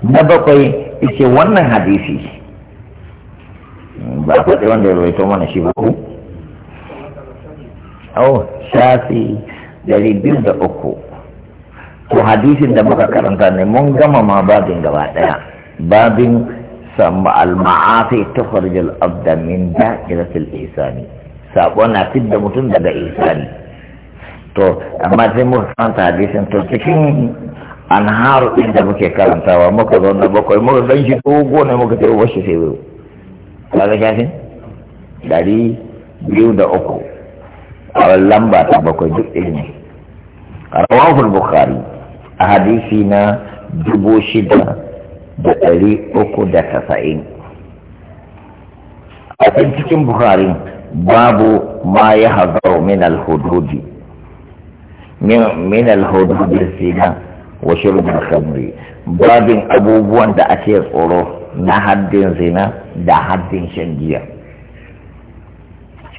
na bakwai ita wannan hadisi ba a faɗi wanda ya rawaito mana shi ba ku oh shafi dari biyu da uku to hadisin da muka karanta ne mun gama ma babin gaba ɗaya babin sama al-ma'afi tukhrijul abda da da'iratil isani sabo na fidda mutum daga isani to amma sai muka karanta hadisin to cikin haru ɗin da muke karantawa muka zo na bakwai muka zan shi dogo ne muka ce uwar shi sai biyu kaga shafin dari biyu da uku a lamba ta bakwai duk ɗin ne rawahul bukhari a hadisi na dubu shida da ɗari uku da tasa'in a cikin bukari babu ma ya hazaru min alhududi min alhududi sinan wa shirbin khamri babin abubuwan da ake tsoro na haddin zina da haddin shan giya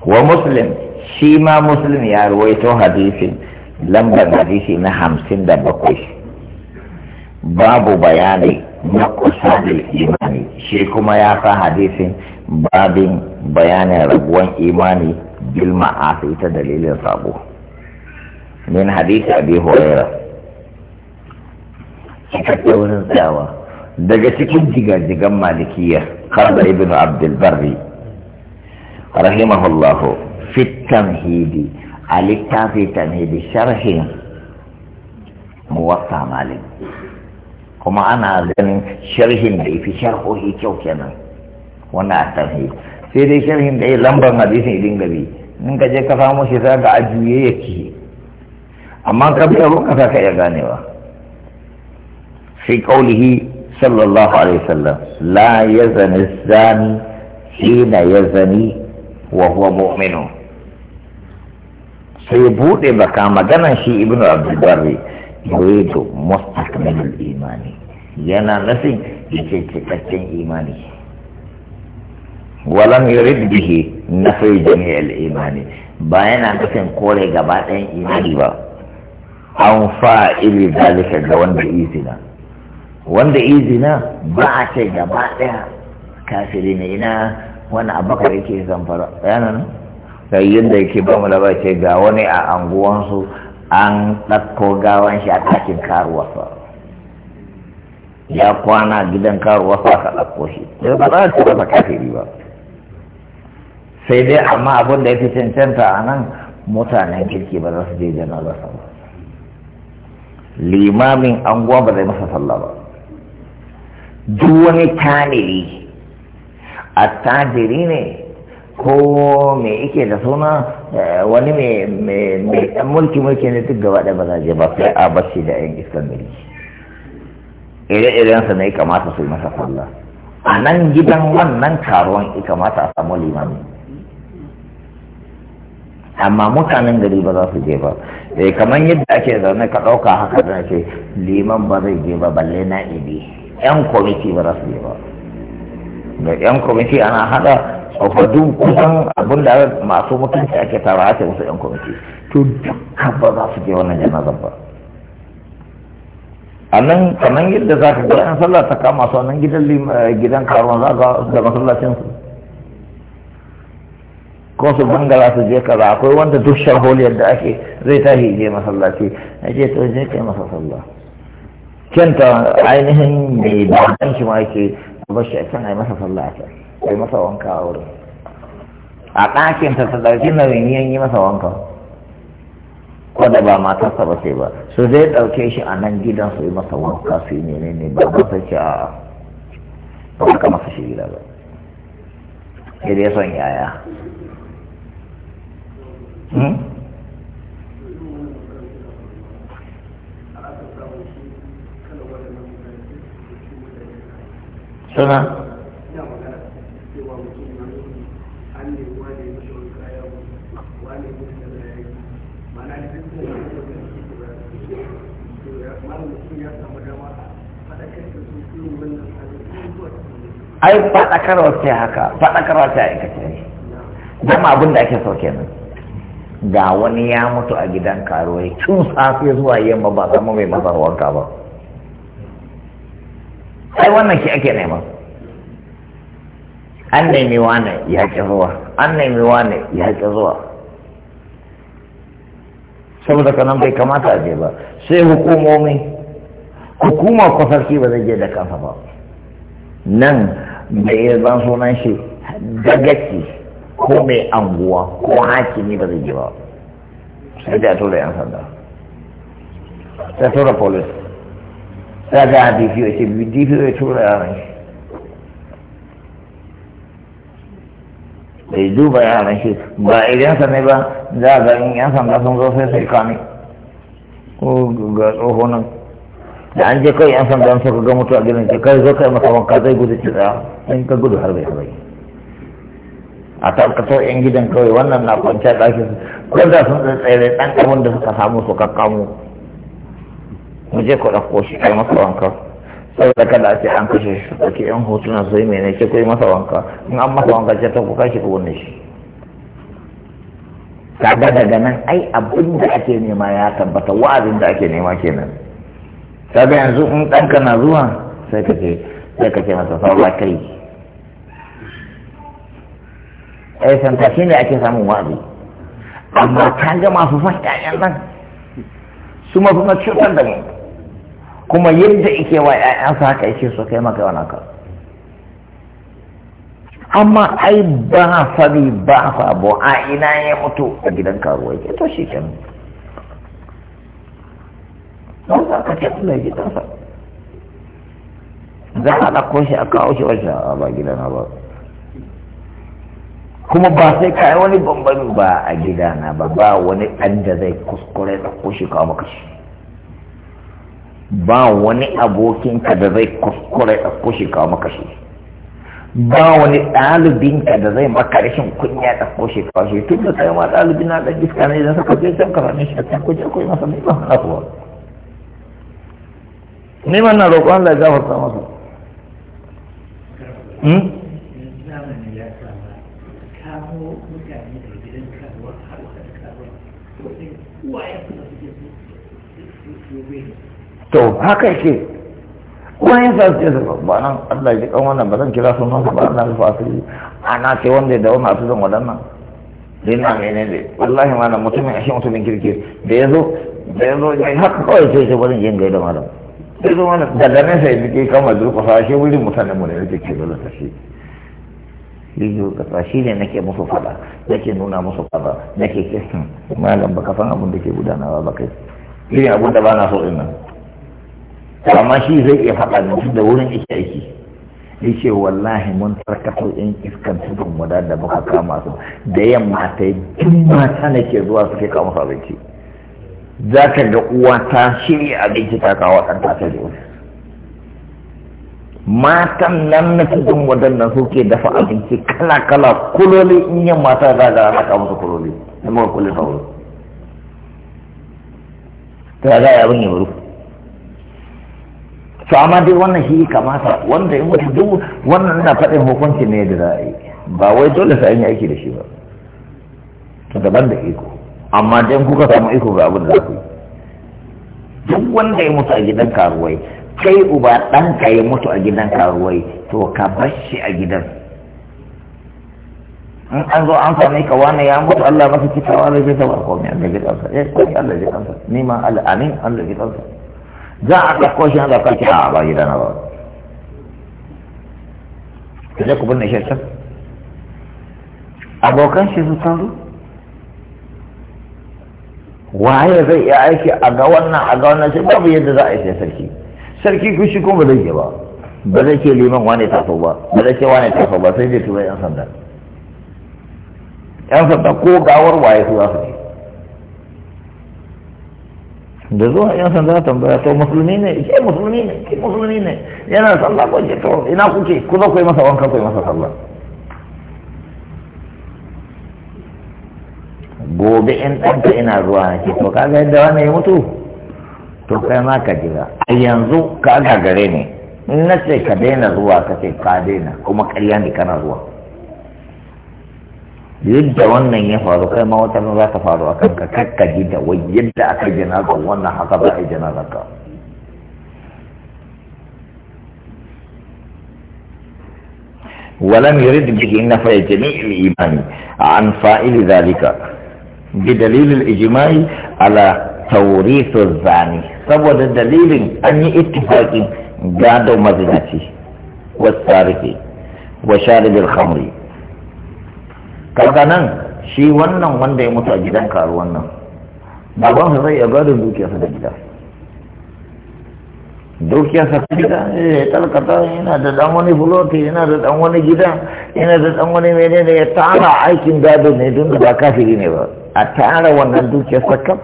wa muslim shi ma muslim ya ruwaito hadisin lambar hadisi na hamsin da bakwai babu bayani na kusa da imani shi kuma ya sa hadisin babin bayanin rabuwan imani bil ma'asi ta dalilin sabo min hadisi abi hurairah cikakke wurin tsayawa daga cikin jigajigan malikiya kada ibn abdulbarri rahimahullahu fit tamhidi a littafi tamhidi sharhin muwatta malik kuma ana ganin sharhin da ifi sharhohi kyau kenan wannan a tamhidi sai dai sharhin da ya lambar hadisin idin gabi in ka je ka samu shi za ga ajiye yake amma ka bi abun ka ka iya ganewa fi ƙaunihi sallallahu alaihi wa sallam la ya zani shi na ya wa mu'minu sai buɗe baka maganan shi ibnu abdulbari yawai da mustaqbal imani yana nufin ya ce cikakken imani walan ya rid bihi na sai jami al'imani ba yana nufin kore gaba ɗayan imani ba an fa fa'ili dalika ga wanda izina wanda izina ba a ce gaba ɗaya kafiri ne ina wani abakar yake zamfara yanan sai yadda yake ba mu laba ce ga wani a anguwansu an ɗakko gawan shi a ɗakin karuwarsa ya kwana gidan karuwarsa ka ɗakko shi da ba za a ce ba kafiri ba sai dai amma abin da ya fi cancanta a nan mutanen kirki ba za su je jana ba limamin anguwa ba zai masa sallah ba duk wani a attajiri ne ko me yake da suna eh, wani mai dan mulki mulki ne duk gaba da ba za je ba sai a bashi da yan iskan mili ire iren sa ne kamata su yi masa sallah a nan gidan wannan taron ya kamata a samu limami amma mutanen gari ba za su je ba eh, kamar yadda ake zaune ka ɗauka haka da ce liman ba zai je ba balle na ibi yan kwamiti ba za su yi ba da yan kwamiti ana haɗa tsofaffin kusan abin da masu mutunci ake tara ake musu yan kwamiti to duka ba za su je wannan janazar ba a nan kanan yadda za ka ga yan sallah ta kama su nan gidan eh, gidan karuwan za ka da masallacin su ko su bangala su je kaza akwai wanda duk sharholiyar da ake zai tashi je masallaci na je to je kai masa sallah kyanta ainihin mai ba shi ma yake ba shi a can a masa sallah a can masa wanka a wurin a ɗakin ta ɗauki na yan yi masa wanka ko da ba matarsa ba sai ba su zai ɗauke shi a nan gidan su yi masa wanka su yi ne ba ba sai ce a ba ka masa shi gida ba sai dai son yaya hmm? suna ai faɗakarwa ce haka faɗakarwa ce aikace dama abin da ake so kenan ga wani ya mutu a gidan karuwai tun safe zuwa yamma ba zama mai masa wanka ba ai wannan ki ake nema an nemi wane ya ƙi zuwa an nemi wane ya ƙi zuwa saboda kanan bai kamata a je ba sai hukumomi hukuma ko sarki ba zai je da kansa ba nan bai ban sunan shi dagaci ko mai anguwa ko hakimi ba zai je ba sai da tura yan sanda sai tura police za ga a DPO ce DPO ya tura yaran shi bai duba yaran shi ba idan sa ne ba za ga in yan sanda sun zo sai sai kame ko ga tsoho nan da an je kai yan sanda suka ga mutu a gidan ce kai zo kai masa wanka zai gudu ci tsaya ah, in ka gudu har bai har bai a tarkato yan gidan kawai wannan na kwanciya ɗakin ko da sun tsaye ɗan abin da suka samu suka kamo ku je ku ɗauko shi kai masa wanka saboda kada a ce an kashe shi ɗauki yan hotuna sai mai ne ke ku yi masa wanka in an masa wanka ce ta kuka shi ku wanne shi kaga daga nan ai abin da ake nema ya tabbata wa'azin da ake nema kenan kaga yanzu in ɗanka na zuwa sai ka ce sai ka ce masa sauka kai ai eh, santa shi ne ake samun wa'azi amma ga masu fasta yan nan su mafi cutar da mu kuma yadda ike wa ‘ya'yansa haka ike so kai maka wani ka amma ai ba fari ba fabo a ina ya mutu a gidan karuwa ke to shi kenan don za ka ce gidansa za a ɗauko shi a kawo shi wajen a ba gidana ba kuma ba sai kayi wani bambami ba a gidana ba ba wani ɗan da zai kuskure ɗauko shi kawo maka shi ba wani abokinka da zai kuskure a kushe kawo maka shi ba wani ɗalibinka da zai maka rashin kunya da kushe kawo shi tun da kai ma ɗalibin na ɗan iska ne idan suka je can ka shi a can kuje koyi masa ba na kuwa ne ma na roƙon Allah ya gafarta masa Thank hmm? you. to haka ke wayan sa ce da ba nan Allah ji kan wannan ba zan kira sun nan ba Allah rufa asiri ana ce wanda da wannan su zan wadannan din na menene wallahi ma na mutumin ashe mutumin kirki da zo da zo ya haka kawai sai sai wani yin gaida malam sai zo wani daga ganin sai dike kama durƙusa ashe wurin mutane mu ne yake ke dole ta shi ka sa shi ne nake musu fada nake nuna musu fada nake ke hmm, malam baka san abin da ke gudanawa ba kai ne abin da ba na so ina. nan amma shi zai iya faɗa mutum da wurin ishe aiki ce wallahi mun tarkato in iskan tudun wada da muka kama su da yamma ta yi duk mata na ke zuwa suke kama su abinci za ka ga uwa ta shirya abinci ta kawo ɗan ta je matan nan na nan waɗannan suke dafa abinci kala kala kuloli in yin mata za ga ana kawo su kuloli na muka kulle sauro ta za a yi abin yi to amma dai wannan shi kamata wanda ya mutu duk wannan na faɗin hukunci ne da za a yi ba wai dole sai yi aiki da shi ba to daban da iko amma dai kuka samu iko ga abin da za ku yi duk wanda ya mutu a gidan karuwai kai uba ka ya mutu a gidan karuwai to ka bar shi a gidan in an zo an sami ka wani ya mutu Allah masa cikawa zai zai tabar komai Allah ya kansa eh komai Allah zai kansa ni ma amin Allah ya ji kansa za a ɗauko shi ana kwanci a ba gida na ba ka je ku binne shi can abokan shi su taru waye zai iya aiki a ga wannan a ga wannan shi babu yadda za a yi sarki sarki ku shi kuma zai je ba ba zai ce liman wane taso ba ba zai ce wane taso ba sai dai tura yan sanda yan sanda ko gawar waye su za su da zuwa yan sanda tambaya to musulmi ne ke musulmi ne ke musulmi ne yana sallah ko ke to ina kuke ku zo ku yi masa wanka ku yi masa sallah gobe in danta ina zuwa na ke, to kaga yadda wani ya mutu to kai ma ka jira a yanzu ka gare ne in na ce ka daina zuwa ka ce ka daina kuma ƙarya ne kana zuwa yadda wannan ya faru kai ma wata za ta faru a kanka kakka ji da wai yadda aka yi janazar wannan haka za a yi janazar ka ولم يرد به نفع جميع الإيمان عن فائل ذلك بدليل الإجماع على توريث الزاني سبب دليل أن اتفاق قادوا مزناتي والسارق وشارب الخمر daga nan shi wannan wanda ya mutu a gidan karu wannan baban sa zai iya da dukiyarsa da gida dukiyarsa ta gida ya eh, talkata yana da dan wani buloti yana da dan wani gida yana da dan wani menene ya tara aikin gado ne don da ba kafiri ne ba a tara wannan dukiyarsa kam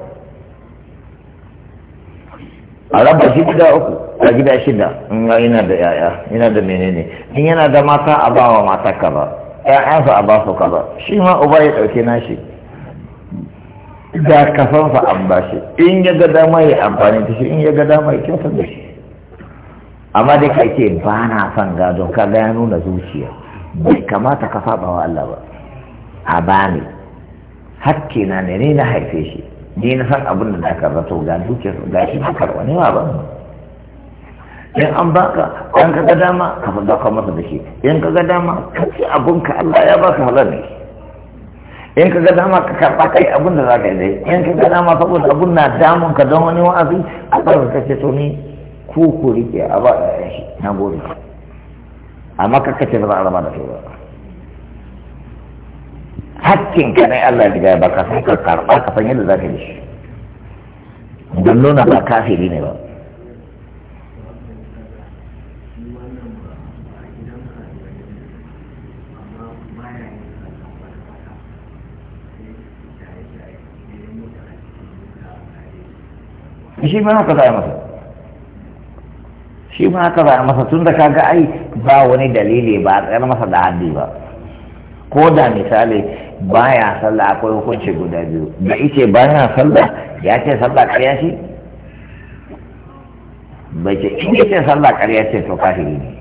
a raba shi gida uku a gida shida in yana da yaya yana da menene in yana da mata a bawa mata ka ba ‘ya'yansa a ba su kaza shi ma uba ya ɗauki nashi da kasansa an ba shi in ya ga dama ya amfani da shi in ya ga dama ya kyautar da shi amma dai ka ce ba na son gadon ka ga ya nuna zuciya bai kamata ka saba wa Allah ba a bani hakki na ne ni na haife shi ni na san abin da na karɓa ga dukiyar ga shi na karwa ne ma ba in an baka an kaga dama ka sadaka masa da shi in kaga dama ka ci abun ka Allah ya baka halal ne in kaga dama ka karba kai abun da zaka yi in kaga dama saboda abun na damun ka don wani wa'azi a fara ka ce to ni ku ku rike a ba da shi na gode amma ka kace ba za da kai ba hakkin ka ne Allah ya baka sai ka karba ka san da zaka yi shi don nuna ba kafiri ne ba shi ma haka za a masa shi ma haka za a masa tun da kaga ai ba wani dalili ba a tsayar masa da hadi ba ko da misali baya sallah akwai hukunci guda biyu da ice baya sallah ya ce sallah ƙarya ce ba ce in ya ce sallah ƙarya ce to kafiri ne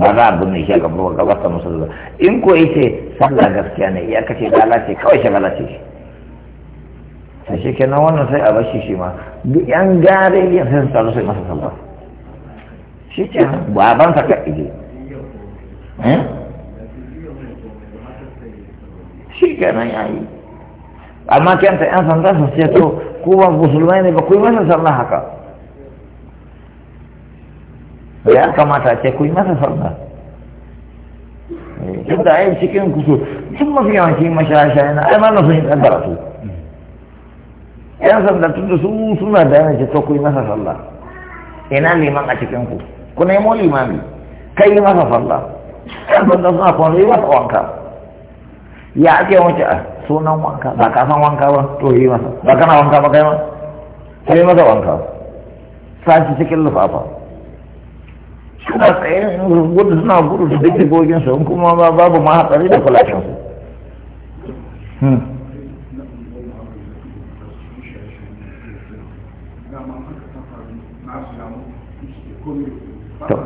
ba za a binne shi a gabar gabar ta musulma in ko ya ce sallah gaskiya ne ya kace lalace kawai shagala ce to shi wannan sai a bashi shi ma duk yan gare yin sai su taru sai masa sallah shi ke baban sa kai ije eh? shi nan ya yi amma kenta yan sanda su ce to ku ba musulmai ne ba ku yi masa sallah haka ya kamata ce ku yi masa sallah eh, duk da ayin cikin kusur sun mafi yawanci mashaya-shaya na ai ma na sun yi ɗan rasu yan sanda tunda su suna da yana ce to ku yi masa sallah ina liman a cikin ku ku nemo limami kai yi masa sallah yan sanda suna kwanu yi masa wanka ya ake wace a sunan wanka ba ka san wanka ba to yi masa ba kana wanka ba kai ma kai masa wanka sashi cikin lufafa suna tsaye gudu suna gudu da duk goginsu kuma babu ma hatsari da kulakensu hmm. to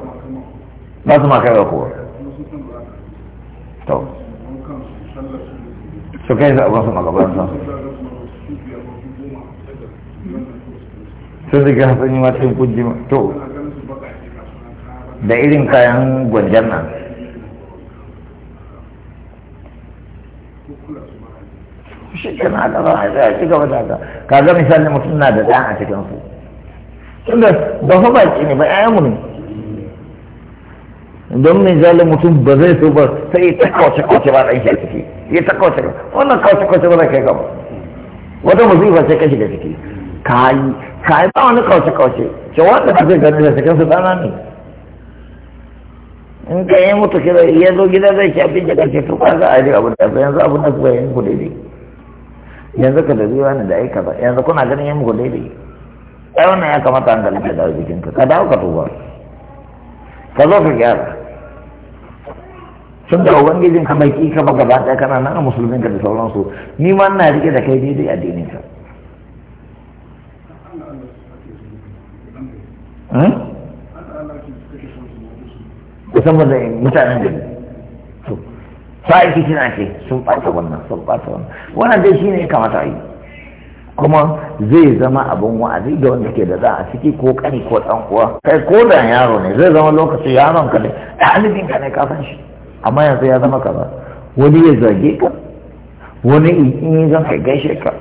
ba su kowa su kai su yi to da irin kayan gwanjan nan shi ke na da ba a ci gaba da haka kaga misali mutum na da ɗan a su tunda ba fa baki ne ba mu ne don mai zalin mutum ba zai so ba sai ta kauce kauce ba ɗan shi a ciki ya ta kauce wannan kauce kauce ba za ka yi gaba wata musifa sai ka shiga ciki ka yi ka yi ba wani kauce kauce ce wanda ba zai gani da cikin su ɗana ne in ka yi mutu kira ya zo gida zai ci abin da kake to ba za a yi abu da yanzu abu da kuwa yin ku daidai yanzu ka da zuwa da aika ba yanzu kuna ganin yin ku daidai ai wannan ya kamata an gani da jikinka ka dawo ka tuba ka zo ka gyara sun da ubangijin ka bai kika ba gaba ɗaya kana nan a musulmin ka da sauransu ni ma na rike da kai daidai addinin ka musamman hmm? da mutanen da to sa'i kici na ce sun ɓata wannan sun ɓata wannan wannan dai shine ya kamata a yi kuma zai zama abin wa'azi ga wanda ke da za a ciki ko kani ko ɗan uwa kai ko da yaro ne zai zama lokacin yaron ka ne ɗalibin ka ne kafin shi amma yanzu ya zama kaza wani ya zage ka wani in yi zan ka gaishe ka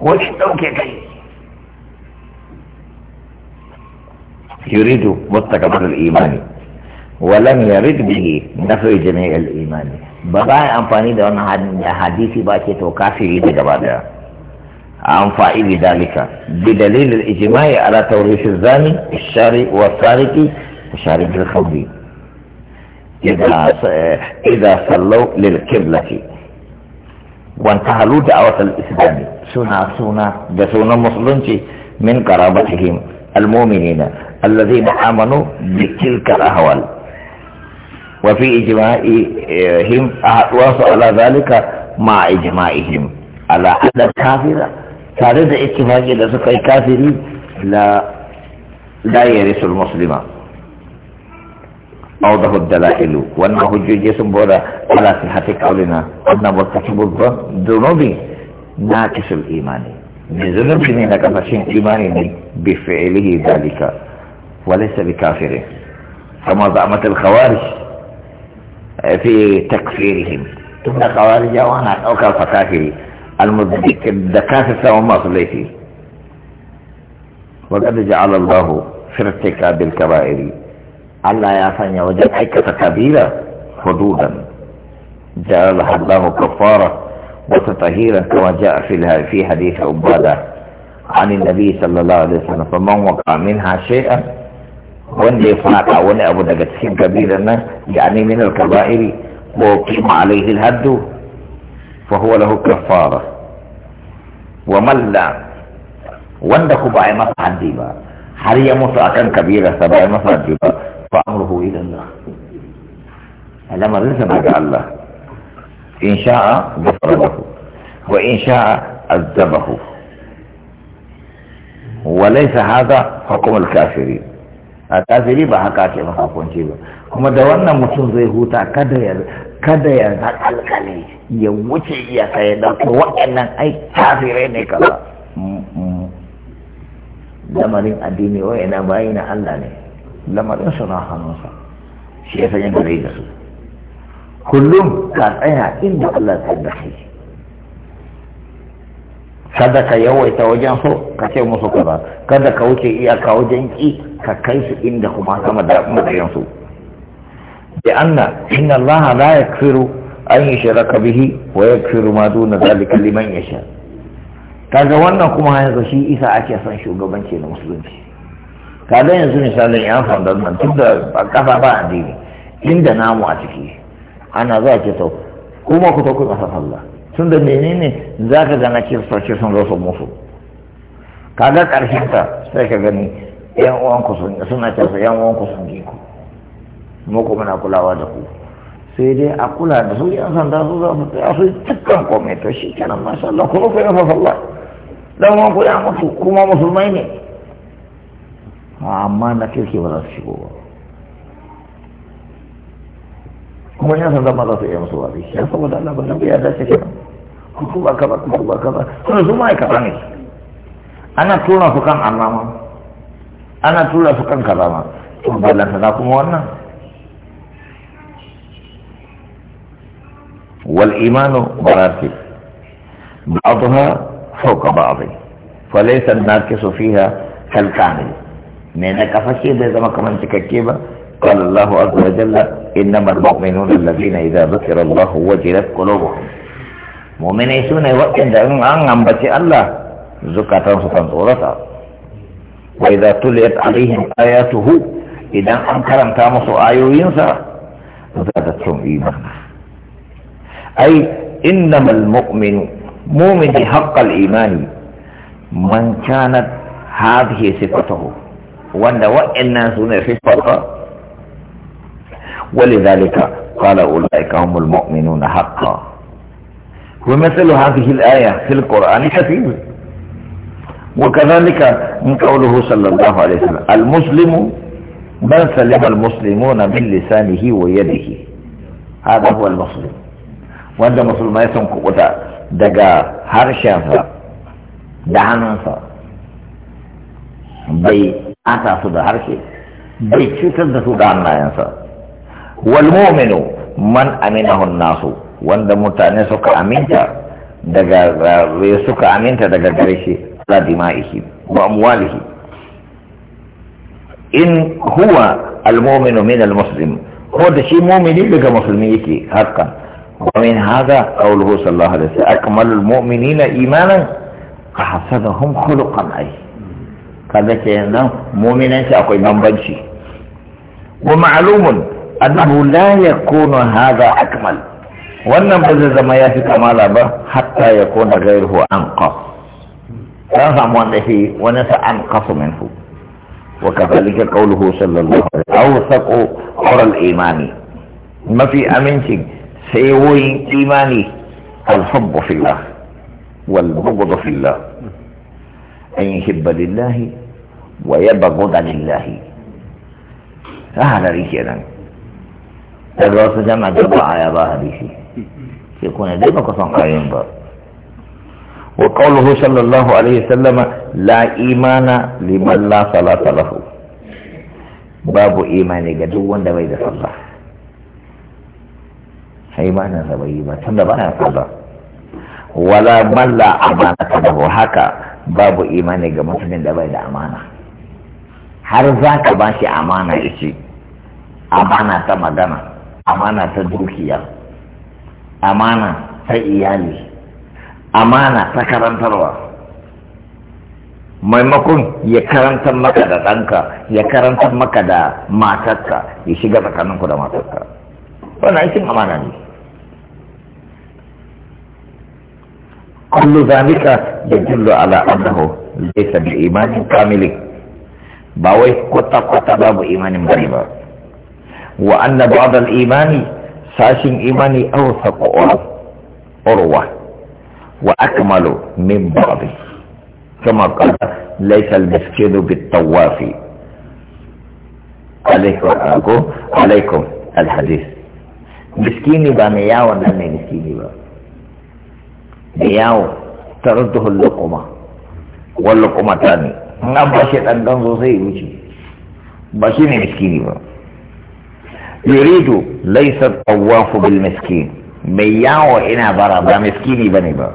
wani ɗauke kai yuridu mustaqbalul imani walam yarid bihi nafi al imani ba ba amfani da wannan hadisi ba ke to kafiri da gaba daya an bi dalika bi al ijma'i ala al zani shari wa sariki shari bil khamri إذا إذا صلوا للقبلة وانتهلوا دعوة الإسلام سنة سنة دسونا مسلمتي من قرابتهم المؤمنين الذين آمنوا بتلك الأهوال وفي إجماعهم أحواس على ذلك مع إجماعهم على أن الكافر ثالث إجماعي إذا الكافرين لا لا يرث المسلمين أوضح الدلائل وأنه حجج سنبورا على صحة قولنا أن مرتكب الذنوب ناقص الإيمان بذنوب من نقصين إيمان بفعله ذلك وليس بكافر كما زعمت الخوارج في تكفيرهم ثم خوارج وانا أوكل فكافري المذنب الدكاترة وما صليتي وقد جعل الله في ارتكاب الكبائر Allah يا sanya وجد aikata كبيرة حدودا ja'ala Allah kafara wa tatahira kama ja'a في حديث hadith عن النبي صلى الله عليه وسلم فمن وقع منها شيئا وان لي فاقع وان ابو دقت سين كبيرا يعني من الكبائر وقيم عليه الهد فهو له كفارة ومن لا وان دخو باعي مصحا ديبا حريا مصحا كبيرة سباعي مصحا ديبا fa amruhu ila Allah in sha'a ghafara lahu wa in sha'a azabahu وليس هذا حكم الكافرين kafiri ba haka ce masa ba kuma da wannan mutum zai huta kada ya kada ya zakalkale ya wuce iyaka ya dauko waɗannan ai kafirai ne kaza mm, mm. lamarin addini wa'ina bayi na Allah ne lamarin suna hannunsa shi ya sanya yadda da su kullum ka tsaya inda Allah ta da shi kada ka yawaita wajen so ka ce musu kaza kada ka wuce iyaka wajen ki ka kai su inda kuma sama da su bi anna inna Allah la yakfiru an yushraka bihi wa yakfiru ma duna zalika liman yasha kaga wannan kuma yanzu shi isa ake son shugabanci na musulunci kaga yanzu misalin yan sandan nan tun da kafa ba dini, inda namu a ciki ana za ki to kuma ku ku masa sallah tun da menene za ka gana kiristoci sun zo su musu kaga ƙarshen ta sai ka gani yan uwanku sun suna cewa yan ku sun ji ku mu kuma na kulawa da ku sai dai a kula da su yan sanda su za su tsaya su dukkan komai to shi kenan masha Allah ku rufe masa sallah dan uwanku ya mutu kuma musulmai ne amma na kirki ba za su shigo ba kuma yan san zama za su iya musu wazi ya saboda Allah ba nabi ya dace ke nan kuku ba kaza kuku ba kaza sun su ma'aikata ne ana tura su kan annama ana tura su kan kaza ma to balanta na kuma wannan wal imanu maratib ba'daha fawqa ba'd فليس الناقص فيها كالكامل mai kafashe bai zama kamar cikakke ba قال الله عز وجل إنما المؤمنون الذين إذا ذكر الله وجلت قلوبهم مؤمنين سنة وقت أن أنبت الله زكاة سنصورة وإذا تليت عليهم آياته إذا ان تامس آيو ينسى زادتهم إيمانا أي إنما المؤمن مؤمن حق الإيمان من كانت هذه صفته wanda wa'annan su ne siffarsa ولذلك قال أولئك هم المؤمنون حقا ومثل هذه الآية في القرآن كثير وكذلك من قوله صلى الله عليه وسلم المسلم من سلم المسلمون من لسانه ويده هذا هو المسلم وأنت مسلم يسمى قطع دقا هرشا دعنسا بي ata su da harshe bai cutar da su da hannayensa wal mu'minu man aminahu nasu wanda mutane suka aminta daga eh, suka aminta daga gare shi ala dima'ihi wa amwalihi in huwa al mu'minu min al muslim ko da shi mu'mini daga musulmi yake hakan ومن هذا قوله صلى الله عليه وسلم أكمل المؤمنين إيمانا أحسنهم خلقا أي kaga kenan muminanci akwai bambanci wa ma'lumun annahu la yakunu hadha akmal wannan ba zai zama yafi kamala ba hatta ya kona gairuhu an dan samu wanda shi wani sa an qafu minhu wa kadhalika qawluhu sallallahu alaihi wa saqu qawla imani ma fi aminci sai wai imani al-hubbu fillah wal bughd fillah an yuhibba lillahi wa ya bagoda lillahi ta halari nan daga wasu jama'a gaba aya ba hadisi sai kuna dai ba kusan ayoyin ba wa qawluhu sallallahu alaihi wasallama la imana liman la salata lahu babu imani ga duk wanda bai da sallah sai ba na sabayi ba tunda ba na sallah wala man amana ta lahu haka babu imani ga mutumin da bai da amana har za ka ba shi amana ishe amana ta magana amana ta dukiya amana ta iyali amana ta karantarwa maimakon ya karantar maka da ɗanka ya karantar maka da matarka ya shiga tsakaninku da matarka wannan aikin amana ne kullu zalika yadullu ala annahu laysa bi imanin kamilin ba wai kwata-kwata babu imanin bane ba wa anna ba'dal imani sashin imani awsa urwa wa akmalu min ba'd kama qala laysa al-miskinu bit-tawafi alaikum alaikum al-hadith miskini ba mai yawon nan ne miskini ba mai yawo tarduhu al-luqma wal-luqmatani in an ba shi ɗan ɗan zo zai wuce ba shi ne miskini ba yuridu laisa tawafu bil miskin mai yawo ina bara ba miskini ba ne ba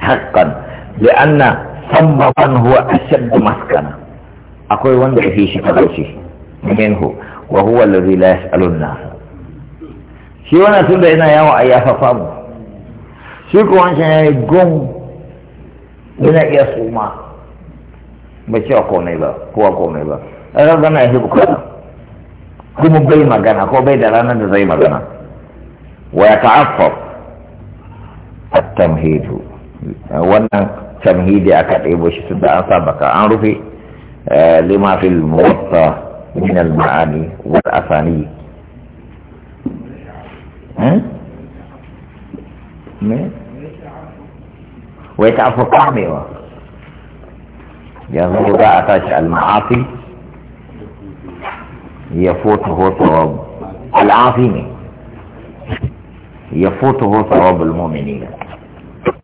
haƙƙan li'anna samma man huwa ashaddu maskana akwai wanda ya fi shi talauci minhu wa huwa alladhi la yas'alun nas shi tun da yana yawo a yafa famu shi ko wancan yayi gum yana iya suma bai cewa komai ba kowa komai ba ragana ya fi bukata kuma bai magana ko bai da ranar da zai magana wa ya ta'affaf at-tamhidu wannan tamhidi aka ɗebo shi tunda an sa baka an rufe lima fil muwatta min al-ma'ani wal asani me wai ta'affaf kamewa yanzu za a tashi al-ma'afi ya fota hoto al'afi ne ya fota hoto wa bulmomini